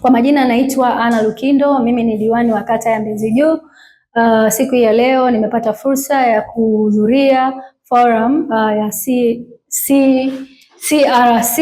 Kwa majina naitwa Ana Lukindo, mimi ni diwani wa kata ya Mbezi Juu. Uh, siku ya leo nimepata fursa ya kuhudhuria forum uh, ya C, C, CRC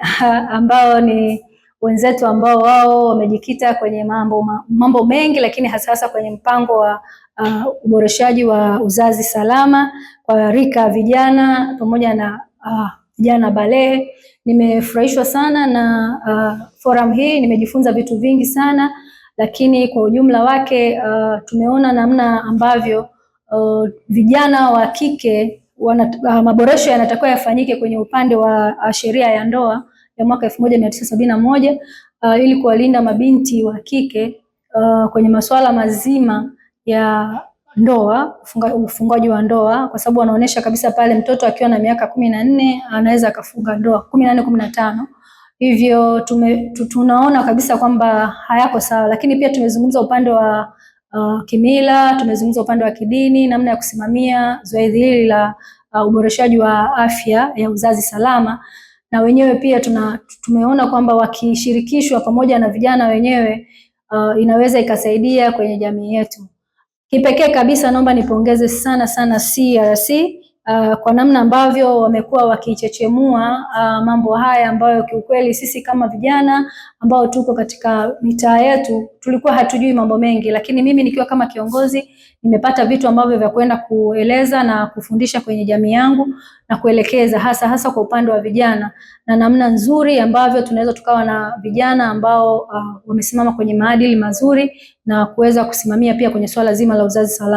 ambao ni wenzetu ambao wao wamejikita kwenye mambo, mambo mengi lakini hasa hasa kwenye mpango wa uh, uboreshaji wa uzazi salama kwa rika vijana pamoja na uh, jana Bale. Nimefurahishwa sana na uh, forum hii, nimejifunza vitu vingi sana lakini kwa ujumla wake uh, tumeona namna ambavyo uh, vijana wa kike wana, uh, maboresho yanatakiwa yafanyike kwenye upande wa uh, sheria ya ndoa ya mwaka 1971 uh, ili kuwalinda mabinti wa kike uh, kwenye masuala mazima ya ndoa, ufungaji wa ndoa, kwa sababu wanaonyesha kabisa pale mtoto akiwa na miaka kumi na nne anaweza akafunga ndoa kumi na nne kumi na tano hivyo tume, tunaona kabisa kwamba hayako sawa, lakini pia tumezungumza upande wa uh, kimila, tumezungumza upande wa kidini, namna ya kusimamia zoezi hili la uh, uboreshaji wa afya ya uzazi salama, na wenyewe pia tuna, tumeona kwamba wakishirikishwa pamoja na vijana wenyewe uh, inaweza ikasaidia kwenye jamii yetu. Kipekee kabisa naomba nipongeze sana sana CRC uh, kwa namna ambavyo wamekuwa wakichechemua uh, mambo haya ambayo kiukweli sisi kama vijana ambao tuko katika mitaa yetu tulikuwa hatujui mambo mengi, lakini mimi nikiwa kama kiongozi nimepata vitu ambavyo vya kwenda kueleza na kufundisha kwenye jamii yangu na kuelekeza hasa hasa kwa upande wa vijana na namna nzuri ambavyo tunaweza tukawa na vijana ambao uh, wamesimama kwenye maadili mazuri na kuweza kusimamia pia kwenye swala zima la uzazi salama.